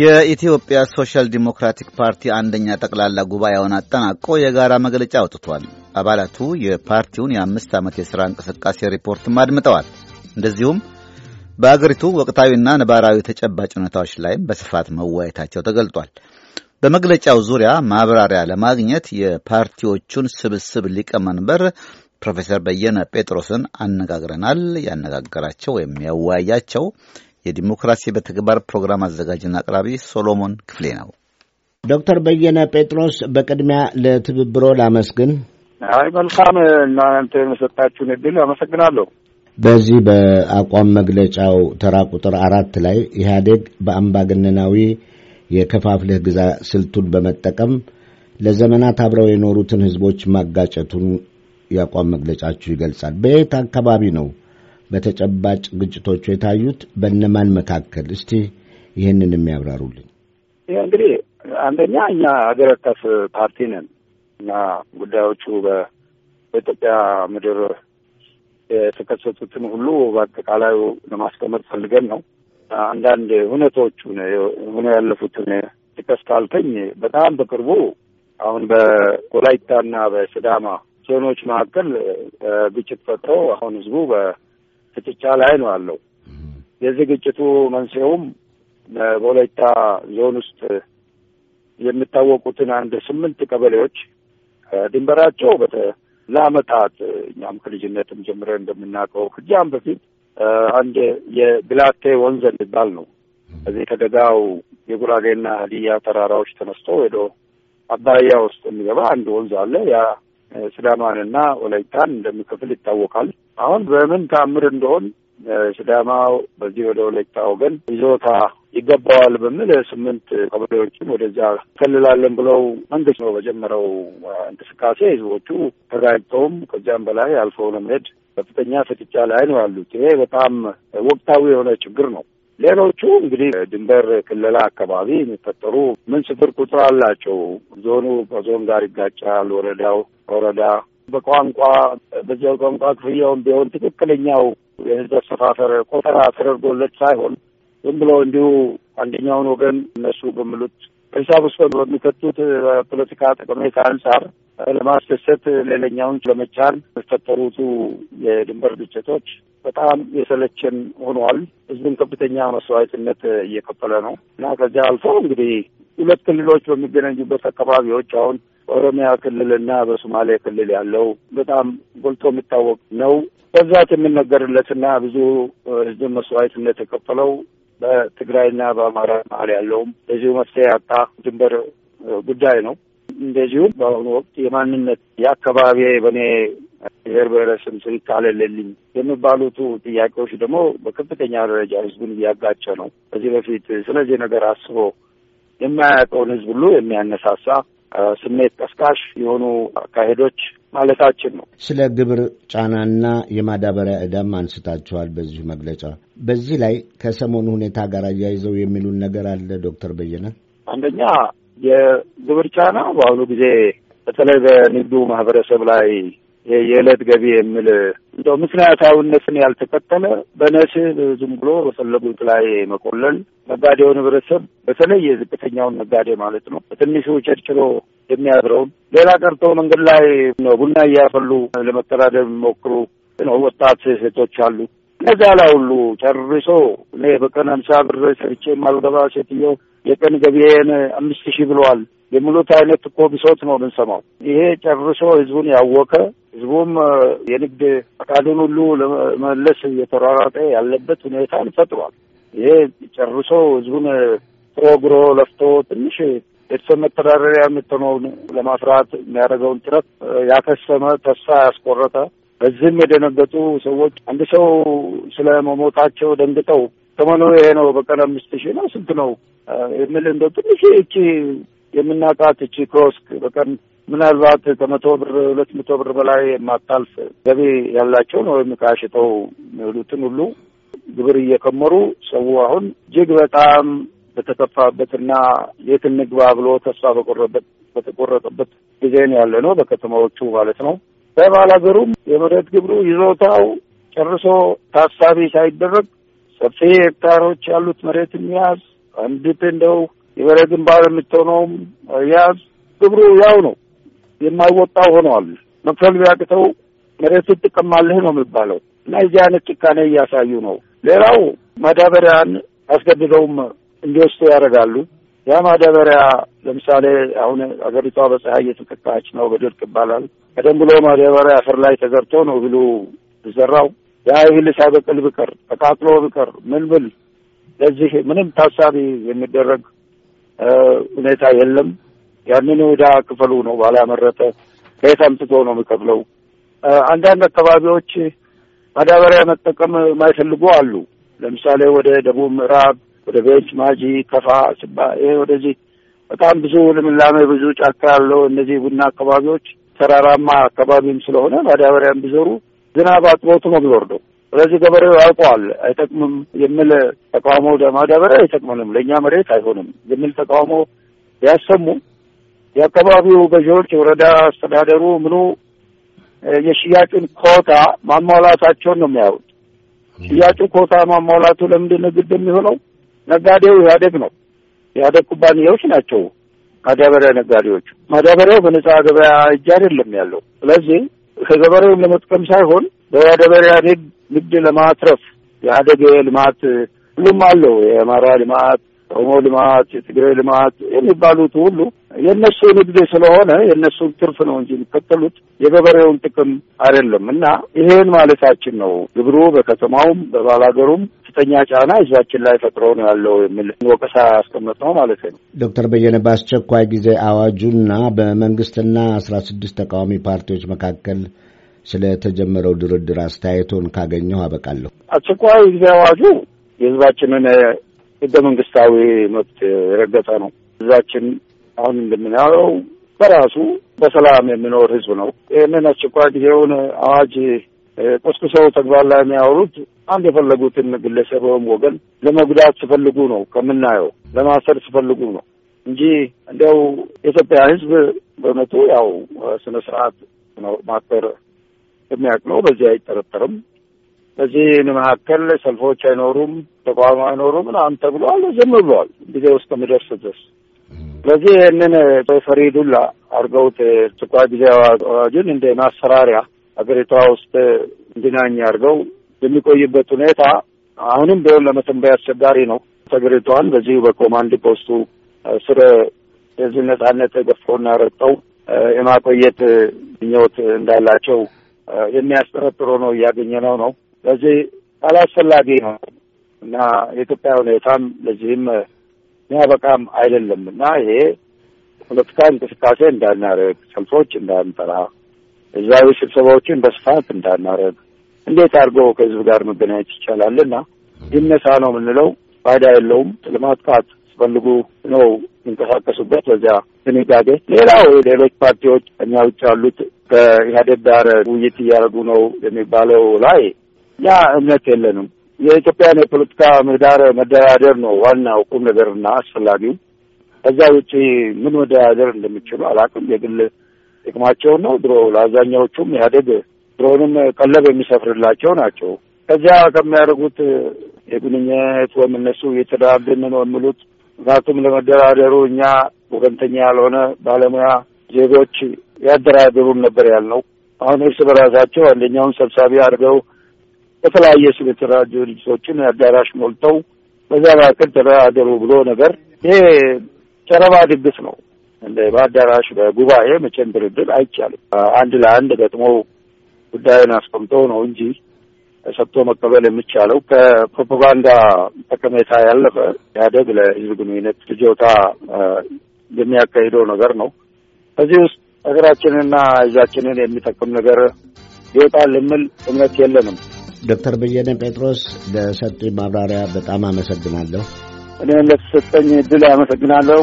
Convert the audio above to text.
የኢትዮጵያ ሶሻል ዲሞክራቲክ ፓርቲ አንደኛ ጠቅላላ ጉባኤውን አጠናቆ የጋራ መግለጫ አውጥቷል። አባላቱ የፓርቲውን የአምስት ዓመት የሥራ እንቅስቃሴ ሪፖርትም አድምጠዋል። እንደዚሁም በአገሪቱ ወቅታዊና ነባራዊ ተጨባጭ ሁኔታዎች ላይም በስፋት መወያየታቸው ተገልጧል። በመግለጫው ዙሪያ ማብራሪያ ለማግኘት የፓርቲዎቹን ስብስብ ሊቀመንበር ፕሮፌሰር በየነ ጴጥሮስን አነጋግረናል። ያነጋገራቸው ወይም ያወያያቸው የዲሞክራሲ በተግባር ፕሮግራም አዘጋጅና አቅራቢ ሶሎሞን ክፍሌ ነው። ዶክተር በየነ ጴጥሮስ በቅድሚያ ለትብብሮ ላመስግን። አይ መልካም፣ እናንተ የመሰጣችሁን እድል አመሰግናለሁ። በዚህ በአቋም መግለጫው ተራ ቁጥር አራት ላይ ኢህአዴግ በአምባገነናዊ የከፋፍለህ ግዛ ስልቱን በመጠቀም ለዘመናት አብረው የኖሩትን ህዝቦች ማጋጨቱን የአቋም መግለጫችሁ ይገልጻል። በየት አካባቢ ነው በተጨባጭ ግጭቶቹ የታዩት በእነማን መካከል? እስቲ ይህንን የሚያብራሩልኝ። ይህ እንግዲህ አንደኛ እኛ ሀገር አቀፍ ፓርቲ ነን እና ጉዳዮቹ በኢትዮጵያ ምድር የተከሰቱትን ሁሉ በአጠቃላዩ ለማስቀመጥ ፈልገን ነው። አንዳንድ ሁነቶቹን ሆነ ያለፉትን ጥቀስ ካልከኝ በጣም በቅርቡ አሁን በወላይታና በስዳማ ዞኖች መካከል ግጭት ፈጥሮ አሁን ህዝቡ ፍጥጫ ላይ ነው ያለው። የዚህ ግጭቱ መንስኤውም በወላይታ ዞን ውስጥ የሚታወቁትን አንድ ስምንት ቀበሌዎች ድንበራቸው ለአመታት እኛም ከልጅነትም ጀምረን እንደምናውቀው ከዚያም በፊት አንድ የብላቴ ወንዝ የሚባል ነው። እዚህ ከደጋው የጉራጌና ሀዲያ ተራራዎች ተነስቶ ሄዶ አባያ ውስጥ የሚገባ አንድ ወንዝ አለ። ያ ሲዳማንና ወላይታን እንደሚከፍል ይታወቃል። አሁን በምን ታምር እንደሆን ስዳማው በዚህ ወደ ወላይታ ወገን ይዞታ ይገባዋል በሚል ስምንት ቀበሌዎችን ወደዚያ ፈልላለን ብለው መንግስት ነው በጀመረው እንቅስቃሴ ህዝቦቹ ተጋጭተውም ከዚያም በላይ አልፎ ለመሄድ ከፍተኛ ፍጥጫ ላይ ነው ያሉት። ይሄ በጣም ወቅታዊ የሆነ ችግር ነው። ሌሎቹ እንግዲህ ድንበር ክልላ አካባቢ የሚፈጠሩ ምን ስፍር ቁጥር አላቸው። ዞኑ ከዞን ጋር ይጋጫል። ወረዳው ወረዳ በቋንቋ በዚያው ቋንቋ ክፍያውን ቢሆን ትክክለኛው የህዝብ አሰፋፈር ቆጠራ ተደርጎለት ሳይሆን ዝም ብሎ እንዲሁ አንደኛውን ወገን እነሱ በሚሉት ሂሳብ ውስጥ በሚከቱት ፖለቲካ ጠቀሜታ አንጻር ለማስደሰት ሌላኛውን ለመቻል የተፈጠሩቱ የድንበር ግጭቶች በጣም የሰለችን ሆኗል። ህዝቡን ከፍተኛ መስዋዕትነት እየከፈለ ነው እና ከዚያ አልፎ እንግዲህ ሁለት ክልሎች በሚገናኙበት አካባቢዎች አሁን በኦሮሚያ ክልል እና በሶማሌ ክልል ያለው በጣም ጎልቶ የሚታወቅ ነው። በብዛት የሚነገርለትና ብዙ ህዝብን መስዋዕትነት የከፈለው በትግራይና በአማራ መሀል ያለውም በዚሁ መፍትሄ ያጣ ድንበር ጉዳይ ነው። እንደዚሁም በአሁኑ ወቅት የማንነት የአካባቢ በእኔ ብሔር ብሔረሰብ ስም ካልለልኝ የሚባሉቱ ጥያቄዎች ደግሞ በከፍተኛ ደረጃ ህዝቡን እያጋጨ ነው። ከዚህ በፊት ስለዚህ ነገር አስቦ የማያውቀውን ህዝብ ሁሉ የሚያነሳሳ ስሜት ቀስቃሽ የሆኑ አካሄዶች ማለታችን ነው። ስለ ግብር ጫናና የማዳበሪያ ዕዳም አንስታችኋል በዚሁ መግለጫ። በዚህ ላይ ከሰሞኑ ሁኔታ ጋር አያይዘው የሚሉን ነገር አለ ዶክተር በየነ? አንደኛ የግብር ጫና በአሁኑ ጊዜ በተለይ በንግዱ ማህበረሰብ ላይ የዕለት ገቢ የሚል እንደው ምክንያታዊነትን ያልተከተለ በነስህ ዝም ብሎ በፈለጉት ላይ መቆለል ነጋዴው ህብረተሰብ በተለይ የዝቅተኛውን ነጋዴ ማለት ነው በትንሹ ቸርችሎ የሚያድረውን ሌላ ቀርቶ መንገድ ላይ ቡና እያፈሉ ለመተዳደር የሚሞክሩ ወጣት ሴቶች አሉ። እነዚያ ላይ ሁሉ ጨርሶ እኔ በቀን አምሳ ብር ሰርቼ የማልገባ ሴትዮ የቀን ገቢዬን አምስት ሺህ ብለዋል የሙሉት አይነት እኮ ብሶት ነው የምንሰማው። ይሄ ጨርሶ ህዝቡን ያወከ ህዝቡም የንግድ ፈቃዱን ሁሉ ለመመለስ እየተሯሯጠ ያለበት ሁኔታን ፈጥሯል። ይሄ ጨርሶ ህዝቡን ተወግሮ ለፍቶ ትንሽ ቤተሰብ መተዳደሪያ የምትሆነውን ለማፍራት የሚያደርገውን ጥረት ያከሰመ፣ ተስፋ ያስቆረጠ በዚህም የደነገጡ ሰዎች አንድ ሰው ስለ መሞታቸው ደንግጠው ተመኖ ይሄ ነው በቀን አምስት ሺህ ነው ስንት ነው የሚል እንደ ትንሽ እቺ የምናቃት እቺ ክሮስክ በቀን ምናልባት ከመቶ ብር ሁለት መቶ ብር በላይ የማታልፍ ገቢ ያላቸው ነው ወይም ካሽተው የሚውሉትን ሁሉ ግብር እየከመሩ ሰው አሁን እጅግ በጣም በተከፋበትና የት እንግባ ብሎ ተስፋ በቆረበት በተቆረጠበት ጊዜ ነው ያለ ነው። በከተማዎቹ ማለት ነው። ሀገሩም የመሬት ግብሩ ይዞታው ጨርሶ ታሳቢ ሳይደረግ ሰፊ ሄክታሮች ያሉት መሬት የሚያዝ አንዲት እንደው የበረ ግንባር የምትሆነውም ያዝ ግብሩ ያው ነው የማይወጣው ሆነዋል። መክፈል ቢያቅተው መሬቱ ትቀማለህ ነው የሚባለው እና የዚህ አይነት ጭካኔ እያሳዩ ነው። ሌላው ማዳበሪያን አስገድደውም እንዲወስዱ ያደርጋሉ። ያ ማዳበሪያ ለምሳሌ አሁን አገሪቷ በፀሐይ እየተጠቃች ነው፣ በድርቅ ይባላል። ቀደም ብሎ ማዳበሪያ አፈር ላይ ተዘርቶ ነው እህሉ ተዘራው። ያ እህል ሳይበቅል ብቅር ተቃጥሎ ብቅር ምን ብል ለዚህ ምንም ታሳቢ የሚደረግ ሁኔታ የለም። ያንን ዕዳ ክፈሉ ነው ባላመረተ ከየት አምጥቶ ነው የሚከፍለው? አንዳንድ አካባቢዎች ማዳበሪያ መጠቀም የማይፈልጉ አሉ። ለምሳሌ ወደ ደቡብ ምዕራብ ወደ ቤች ማጂ ከፋ ስባ ይሄ ወደዚህ በጣም ብዙ ልምላሜ ብዙ ጫካ ያለው እነዚህ ቡና አካባቢዎች ተራራማ አካባቢም ስለሆነ ማዳበሪያም ቢዞሩ ዝናብ አጥቦቱ ነው የሚወርደው። ስለዚህ ገበሬው ያውቀዋል። አይጠቅምም የሚል ተቃውሞ ማዳበሪያ አይጠቅምንም፣ ለእኛ መሬት አይሆንም የሚል ተቃውሞ ያሰሙ የአካባቢው ገዢዎች፣ ወረዳ አስተዳደሩ ምኑ የሽያጩን ኮታ ማሟላታቸውን ነው የሚያዩት። ሽያጩ ኮታ ማሟላቱ ለምንድን ነው ግድ የሚሆነው? ነጋዴው ኢህአዴግ ነው። ኢህአዴግ ኩባንያዎች ናቸው ማዳበሪያ ነጋዴዎች። ማዳበሪያው በነጻ ገበያ እጅ አይደለም ያለው። ስለዚህ ከገበሬውን ለመጥቀም ሳይሆን በማዳበሪያ ንግድ ለማትረፍ የአደገ ልማት ሁሉም አለው የአማራ ልማት፣ ኦሮሞ ልማት፣ የትግራይ ልማት የሚባሉት ሁሉ የእነሱ ንግድ ስለሆነ የእነሱን ትርፍ ነው እንጂ የሚከተሉት የገበሬውን ጥቅም አይደለም። እና ይሄን ማለታችን ነው። ግብሩ በከተማውም በባላገሩም ከፍተኛ ጫና ህዝባችን ላይ ፈጥሮ ነው ያለው የሚል ወቀሳ ያስቀመጥ ነው ማለት ነው። ዶክተር በየነ በአስቸኳይ ጊዜ አዋጁና በመንግስትና አስራ ስድስት ተቃዋሚ ፓርቲዎች መካከል ስለተጀመረው ድርድር አስተያየቶን ካገኘሁ አበቃለሁ። አስቸኳይ ጊዜ አዋጁ የህዝባችንን ህገ መንግስታዊ መብት የረገጠ ነው። ህዝባችን አሁን እንደምናየው በራሱ በሰላም የሚኖር ህዝብ ነው። ይህንን አስቸኳይ ጊዜውን አዋጅ ቆስቁሰው ተግባር ላይ የሚያወሩት አንድ የፈለጉትን ግለሰብ ወይም ወገን ለመጉዳት ሲፈልጉ ነው ከምናየው፣ ለማሰር ሲፈልጉ ነው እንጂ እንዲያው የኢትዮጵያ ህዝብ በመቶ ያው ስነ ስርዓት ነው ማክበር የሚያውቅ ነው። በዚህ አይጠረጠርም። በዚህ መካከል ሰልፎች አይኖሩም፣ ተቋም አይኖሩም ምናምን ተብሏል። ዝም ብሏል ጊዜ ውስጥ ከሚደርስ ድረስ ስለዚህ ይህንን ቶፈሪ ዱላ አድርገውት አስቸኳይ ጊዜ አዋጁን እንደ ማሰራሪያ ሀገሪቷ ውስጥ እንዲናኝ አድርገው የሚቆይበት ሁኔታ አሁንም ቢሆን ለመተንበይ አስቸጋሪ ነው። ተገሪቷን በዚሁ በኮማንድ ፖስቱ ስር የዚህ ነጻነት ገፎና ረግጠው የማቆየት ምኞት እንዳላቸው የሚያስጠረጥሮ ነው እያገኘ ነው። ነው ስለዚህ አላስፈላጊ ነው እና የኢትዮጵያ ሁኔታም ለዚህም በቃም አይደለም እና ይሄ ፖለቲካ እንቅስቃሴ እንዳናረግ ሰልፎች እንዳንጠራ፣ ህዝባዊ ስብሰባዎችን በስፋት እንዳናረግ እንዴት አድርጎ ከህዝብ ጋር መገናኘት ይቻላልና ይነሳ ነው የምንለው። ፋይዳ የለውም። ለማጥቃት ስፈልጉ ነው የሚንቀሳቀሱበት በዚያ ድንጋጌ። ሌላው ሌሎች ፓርቲዎች እኛ ውጭ ያሉት ከኢህአዴግ ጋር ውይይት እያደረጉ ነው የሚባለው ላይ ያ እምነት የለንም። የኢትዮጵያን የፖለቲካ ምህዳር መደራደር ነው ዋናው ቁም ነገርና አስፈላጊው። ከዛ ውጪ ምን መደራደር እንደሚችሉ አላውቅም። የግል ጥቅማቸውን ነው ድሮ ለአብዛኛዎቹም ኢህአዴግ ድሮንም ቀለብ የሚሰፍርላቸው ናቸው። ከዚያ ከሚያደርጉት የግንኙነት ወይም እነሱ እየተደራደርን ነው የሚሉት ምክንያቱም ለመደራደሩ እኛ ወገንተኛ ያልሆነ ባለሙያ ዜጎች ያደራደሩን ነበር ያልነው። አሁን እርስ በራሳቸው አንደኛውን ሰብሳቢ አድርገው በተለያየ ስም የተደራጁ ድርጅቶችን አዳራሽ ሞልተው በዛ መካከል ተደራደሩ ብሎ ነገር ይሄ ጨረባ ድግስ ነው። እንደ በአዳራሽ በጉባኤ መቼም ድርድር አይቻልም። አንድ ለአንድ ገጥሞ ጉዳዩን አስቀምጦ ነው እንጂ ሰጥቶ መቀበል የሚቻለው ከፕሮፓጋንዳ ጠቀሜታ ያለፈ ያደግ ለህዝብ ግንኙነት ፍጆታ የሚያካሂደው ነገር ነው። ከዚህ ውስጥ ሀገራችንንና ህዝባችንን የሚጠቅም ነገር ይወጣል የሚል እምነት የለንም። ዶክተር በየነ ጴጥሮስ ለሰጡኝ ማብራሪያ በጣም አመሰግናለሁ። እኔም ለተሰጠኝ እድል አመሰግናለሁ።